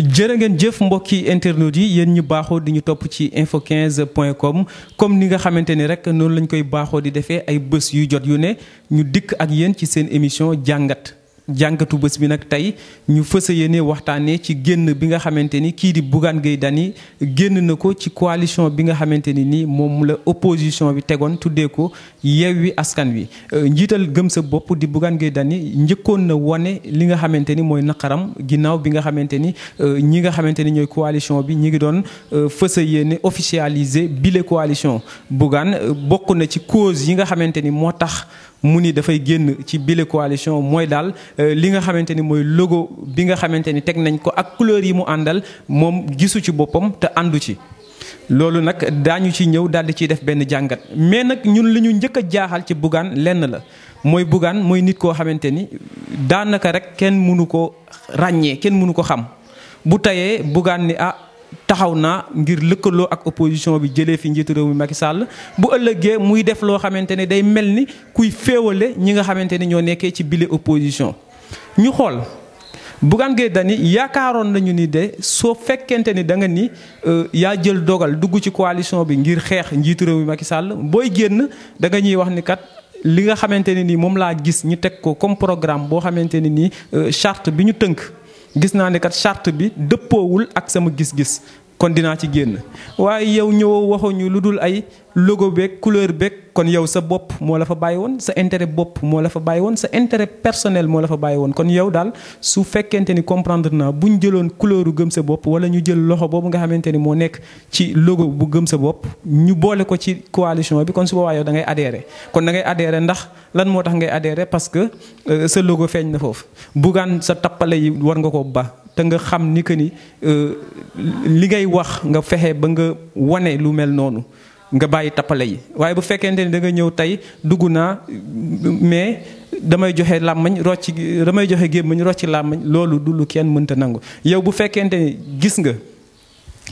jërë ngeen jëf mbokki internautes yi yéen ñu baaxoo di ñu topp ci info 15com comme ni nga xamante ni rek noonu lañ koy baaxoo di defee ay bés yu jot yu ne ñu dikk ak yéen ci seen émission jàngat jàngatu bés bi nag tey ñu fës a yéene waxtaanee ci génn bi nga xamante ni kii di Bougane Gueye Dany génn na ko ci coalition bi nga xamante ni nii moom la opposition bi tegoon tuddee ko Yewwi Askan Wi. Euh, njiital gëm sa bopp di Bougane Gueye Dany njëkkoon na wane li nga xamante ni mooy naqaram ginnaaw bi nga xamante ni euh, ñi nga xamante ni ñooy coalition bi ñi ngi doon euh, fës a yéene officialiser bile coalition Bougane bokk na ci cause yi nga xamante ni moo tax. mu ni dafay génn ci bile coalition mooy daal euh, li nga xamante ni mooy logo bi nga xamante ni teg nañ ko ak couleur yi mu àndal moom gisu ci boppam te àndu ci. loolu nag daañu ci ñëw daal di ciy def benn jàngat mais nag ñun li ñu njëkk a jaaxal ci Bougane lenn la mooy Bougane mooy nit koo xamante ni daanaka rek kenn mënu ko ràññee kenn mënu ko xam bu tayee Bougane ni ah. taxaw naa ngir lëkkaloo ak opposition bi jëlee fi njiitu réew mi Macky Sall bu ëllëgee muy def loo xamante ne day mel ni kuy féewale ñi nga xamante ni ñoo nekkee ci bile opposition. ñu xool Bougane Gueye Dany yaakaaroon nañu ni de soo fekkente ni da nga ni euh, yaa jël dogal dugg ci coalition bi ngir xeex njiitu réew mi Macky Sall booy génn danga ñuy wax ni kat. li nga xamante ne nii moom laa gis ñu teg ko comme programme boo xamante ne nii euh, charte bi ñu tënk gis naa ne kat charte bi dëppoowul ak sama gis-gis kon dinaa ci génn waaye yow ñëwoo waxuñu lu dul ay logo beeg couleur beeg. kon yow sa bopp moo la fa bàyyi woon sa intérêt bopp moo la fa bàyyi woon sa intérêt personnel moo la fa bàyyi woon kon yow daal su fekkente ni comprendre naa bu ñu jëloon couleuru gëm sa bopp wala ñu jël loxo boobu nga xamante ni moo nekk ci logo bu gëm sa bopp ñu boole ko ci coalition bi kon su boobaa yow da ngay adhéré kon da ngay adhéré ndax lan moo tax ngay adhéré parce que euh, sa logo feeñ na foofu bugaan sa tappale yi war nga ko ba te nga xam ni que ni euh, li ngay wax nga fexe ba nga wane lu mel noonu nga bayyi tapale yi waye bu fekkente ni da nga ñew tay duguna mais damay joxe lamagn rocci damay joxe gemagn rocci lamagn lolu du lu kenn mën ta nangu yow bu fekkente gis nga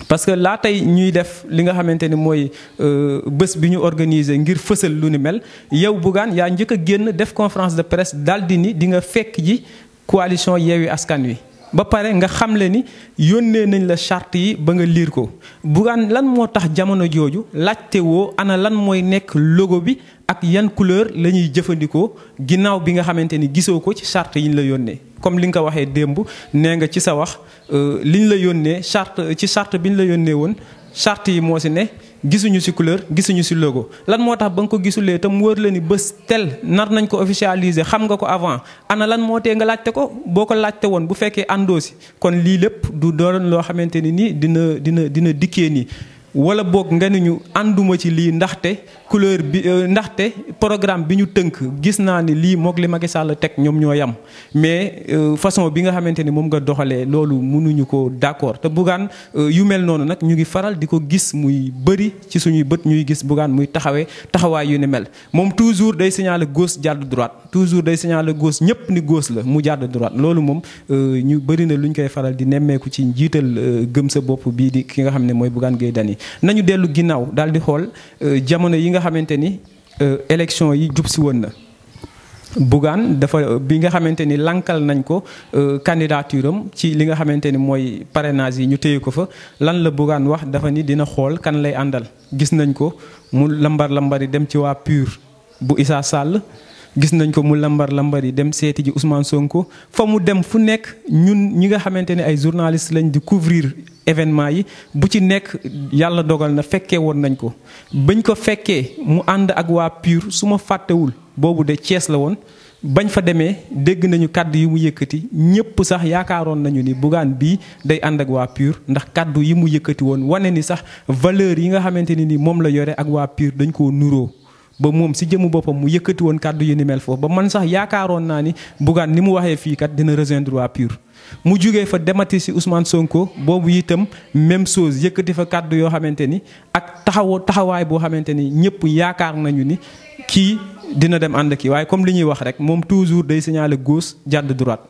parce que la tay ñuy def li nga xamanteni moy euh bëss bi ñu organiser ngir fessel lu ni mel yow bu gaan ya ñëk genn def conférence de presse dal di ni di nga fekk ji coalition yewi askan wi ba pare nga xamle ni yónnee nañ la charte yi ba nga liir ko Bougane lan moo tax jamono jooju laajte woo ana lan mooy nekk logo bi ak yan couleur la ñuy jëfandikoo ginnaaw bi nga xamante ni gisoo ko ci charte yi ñu la yónnee. comme li nga ko waxee démb nee nga ci sa wax euh, liñ la yónnee charte ci charte bi ñu la yónnee woon charte yi moo si ne. gisuñu ci couleur gisuñu ci logo lan moo tax ba nga ko gisulee te mu wër la ni bés tel nar nañ ko officialiser xam nga ko avant ana lan moo tee nga laajte ko boo ko laajte woon bu fekkee àndoo si kon lii lépp du doon loo xamante ni nii dina dina dina dikkee nii. wala boog nga ni ñu ànduma ci lii ndaxte couleur bi euh, ndaxte programme bi ñu tënk gis naa ni lii moog li Macky Sall teg ñoom ñoo yam mais euh, façon bi nga xamante ni moom nga doxalee loolu mënuñu ko d'accord te Bougane euh, yu mel noonu nag ñu ngi faral di ko gis muy bëri ci suñuy bët ñuy gis Bougane muy taxawee taxawaay yu ni mel moom toujours day signaler gauche jàdd droite toujours day signaler gauche ñëpp ni gauche la mu jàdd droite loolu moom ñu bëri na lu ñu koy faral di nemmeeku ci njiital gëm sa bopp bii di ki nga xam ne mooy Bougane Gueye Dany nañu dellu ginnaaw daal di xool euh, jamono yi nga xamante ni euh, élection yi jub si woon na. Bougane dafa euh, bi nga xamante ni lankal nañ ko candidature am ci li nga xamante ni mooy parrainage yi ñu téye ko fa lan la Bougane wax dafa ni dina xool kan lay àndal gis nañ ko mu lambar lambari dem ci waa PUR bu Issa sàll gis nañ ko mu lambar lambar dem seeti ji Ousmane Sonko fa mu dem fu nekk ñun ñi nga xamante ne ay journaliste lañ di couvrir événement yi bu ci nekk yàlla dogal na fekkee woon nañ ko. bañ ko fekkee mu ànd ak waa PUR su ma fàttewul boobu de cees la woon bañ fa demee dégg nañu kàddu yi mu yëkkati ñëpp sax yaakaaroon nañu ni Bougane bii day ànd ak waa PUR ndax kàddu yi mu yëkkati woon wane ni sax valeur yi nga xamante ne ni moom la yore ak waa PUR dañ koo nuroo. ba moom si jëmu boppam mu yëkkati woon kàddu yu ni mel foofu ba man sax yaakaaroon naa ni Bougane ni mu waxee fii kat dina rejoindre waa PUR. mu jógee fa demati si Ousmane Sonko boobu itam même chose yëkkati fa kàddu yoo xamante ni ak taxaw taxawaay boo xamante ni ñëpp yaakaar nañu ni kii dina dem ànd kii waaye comme li ñuy wax rek moom toujours day signaler gauche jàdd droite.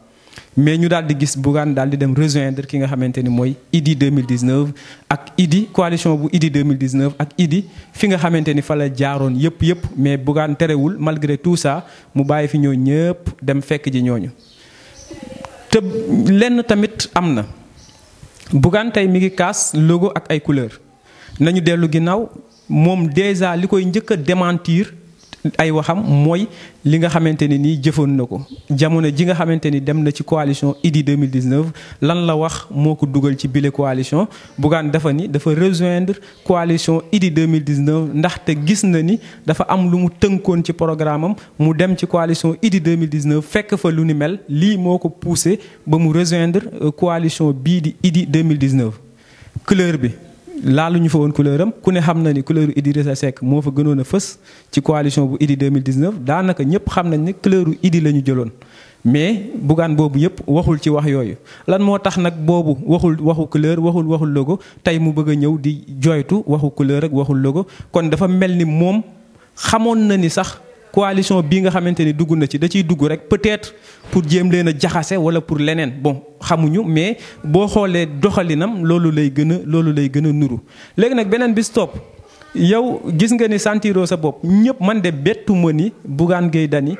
mais ñu daal di gis Bougane daal di dem rejoindre ki nga xamante ni mooy IDI 2019 ak IDI coalition bu IDI 2019 ak IDI fi nga xamante ni fa la jaaroon yëpp yëpp mais Bougane terewul malgré tout saa mu bàyyi fi ñooñu ñëpp dem fekk ji ñooñu. te lenn tamit am na Bougane tey mi ngi kaas logo ak ay couleur nañu dellu ginnaaw moom déjà li koy njëkk a démentir. ay waxam mooy li nga xamante ne nii jëfoon na ko jamono ji nga xamante ni dem na ci coalition IDI 2019 lan la wax moo ko dugal ci bile coalition Bougane dafa ni dafa rejoindre coalition IDI 2019 ndaxte gis na ni dafa am lu mu tënkoon ci programme mu dem ci coalition IDI 2019 fekk fa lu ni mel lii moo ko poussé ba mu rejoindre euh, coalition bii di IDI 2019 couleur bi laalu ñu fa woon couleur ku ne xam na ni couleur Idrissa Seck moo fa gënoon a fës ci coalition bu Idy 2019 daanaka ñëpp xam nañ ne couleur Idy la ñu jëloon. mais Bougane boobu yëpp waxul ci wax yooyu lan moo tax nag boobu waxul waxu couleur waxul waxul logo tey mu bëgg a ñëw di jooytu waxu couleur ak waxul logo kon dafa mel ni moom xamoon na ni sax. coalition bii nga xamante ni dugg na ci da ciy dugg rek peut pour jéem leen a jaxase wala pour leneen bon xamuñu mais boo xoolee doxalinam loolu lay gën a loolu lay gën a nuru léegi nag beneen bi stop yow gis nga ni sentiroo sa bopp ñëpp man de bettu ma ni Bougane Gueye Dany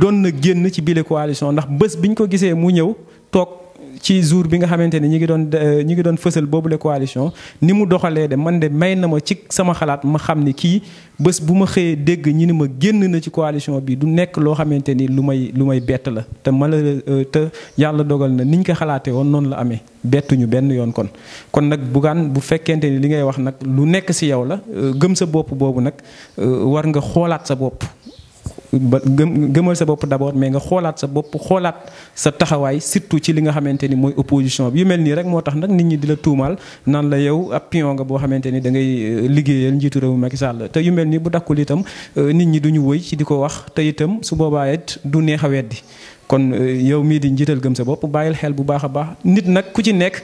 doon na génn ci bile coalition ndax bés biñ ko gisee mu ñëw toog. ci jour bi nga xamante ni ñi ngi doon euh, ñi ngi doon fësal boobule coalition ni mu doxalee de man de may na ma ci sama xalaat ma xam ne kii bés bu ma xëyee dégg ñi ni ma génn na ci coalition bi du nekk loo xamante ni lu may lu may bett la te malheureux euh, te yàlla dogal na niñ ko xalaatee woon noonu la amee bettuñu benn yoon kon kon nag bugaan bu fekkente ni li ngay wax nag lu nekk si yow la euh, gëm sa bopp boobu nag war nga xoolaat sa bopp ba gëmal sa bopp d'abord mais nga xolaat sa bopp xolaat sa taxaway surtout ci li nga xamanteni moy opposition bi yu melni rek motax nak nit ñi dila tuumal nan la yow ap pion nga bo xamanteni da ngay euh, liggéeyal njitu rew Macky Sall te yu melni bu dakul itam euh, nit ñi duñu wëy ci diko wax te itam su boba yet du neexa weddi kon euh, yow mi di njital gëm sa bopp bayil xel bu baaxa baax nit nak ku ci nekk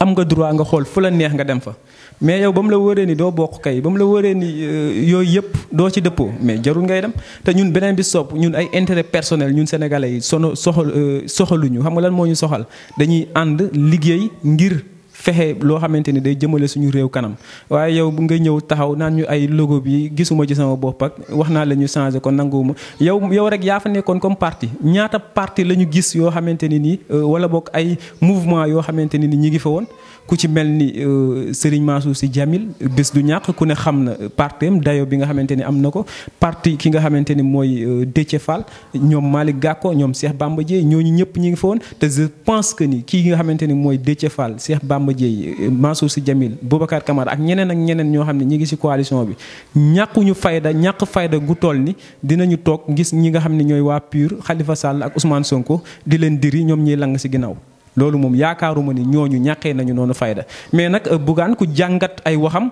am nga droit nga xool fu la neex nga dem fa mais yow ba mu la wóoree ni doo bokk kay ba mu la wóoree ni euh, yooyu yëpp doo ci dëppoo mais jarul ngay dem te ñun beneen bi sopp ñun ay intérêt personnel ñun sénégalais yi sono soxal euh, soxaluñu xam nga lan moo ñu soxal dañuy ànd liggéey ngir. fexe loo xamante ni day jëmale suñu réew kanam waaye yow bu nga ñëw taxaw naan ñu ay logo bi gisuma ci sama bopp ak wax naa la ñu changé ko nanguwuma yow yow rek yaa fa nekkoon comme parti ñaata parti la ñu gis yoo xamante ni nii euh, wala boog ay mouvement yoo xamante ni ni ñi ngi fa woon ku ci mel ni euh, Serigne Mansour Sy Djamil bés du ñàkk ku ne xam na partem dayo bi nga xamante ni am na ko parti ki nga xamante ni mooy euh, Déthié Fall ñoom Malick Gakou ñoom seex Bamba Dièye ñooñu ñëpp ñi ngi fa woon te je pense que ni kii nga xamante ni mooy Déthié Fall Cheikh Bamba Dieye Mansour si Djamil Boubacar Camara ak ñeneen ak ñeneen ñoo xam ne ñi ngi ci coalition bi ñàkkuñu fayda ñàkk fayda gu toll ni dinañu toog gis ñi nga xam ne ñooy waa PUR xalifa Sall ak Ousmane Sonko di leen diri ñoom ñiy lang ci ginnaaw loolu moom yaakaaruma ni ñooñu ñàkkee nañu noonu fayda mais nag euh, buggaan ku jàngat ay waxam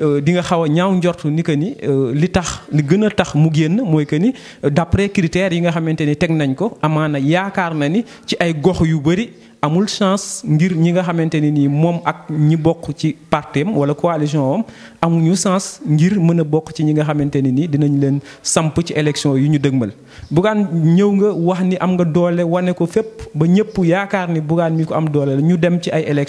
euh, di nga xaw a ñaaw njort ni que ni euh, li tax li gën a tax mu génn mooy que ni d'après critères yi nga xamante ni teg nañ ko amaana yaakaar na ni ci ay gox yu bari amul chance ngir ñi nga xamante ne nii moom ak ñi bokk ci partem wala coalition am amuñu sance ngir mën a bokk ci ñi nga xamante ne nii dinañ leen samp ci élection yu ñu dëgmal. buggaan ñëw nga wax ni am nga doole wane ko fépp ba ñëpp yaakaar ni Bougane ñu ko am doole la ñu dem ci ay pare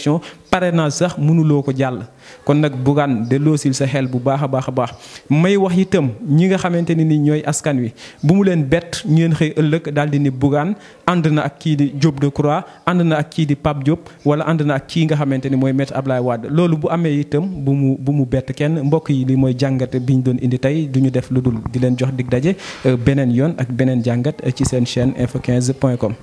parrainage sax mënuloo ko jàll kon nag Bougane delloosil sa xel bu baax a baax a baax may wax itam ñi nga xamante ne nii ñooy askan wi bu mu leen bett ñu leen xëy ëllëg daal di ni Bougane ànd na ak kii di Diop Decroix ànd na. ak kii di Pape Diop wala ànd na ak kii nga xamante ni mooy maître Ablaye Wade loolu bu amee itam bu mu bu mu bett kenn mbokk yi li mooy jàngat bi ñu doon indi tey du ñu def lu dul di leen jox dig daje euh, beneen yoon ak beneen jàngat ci seen chaîne info 15 point com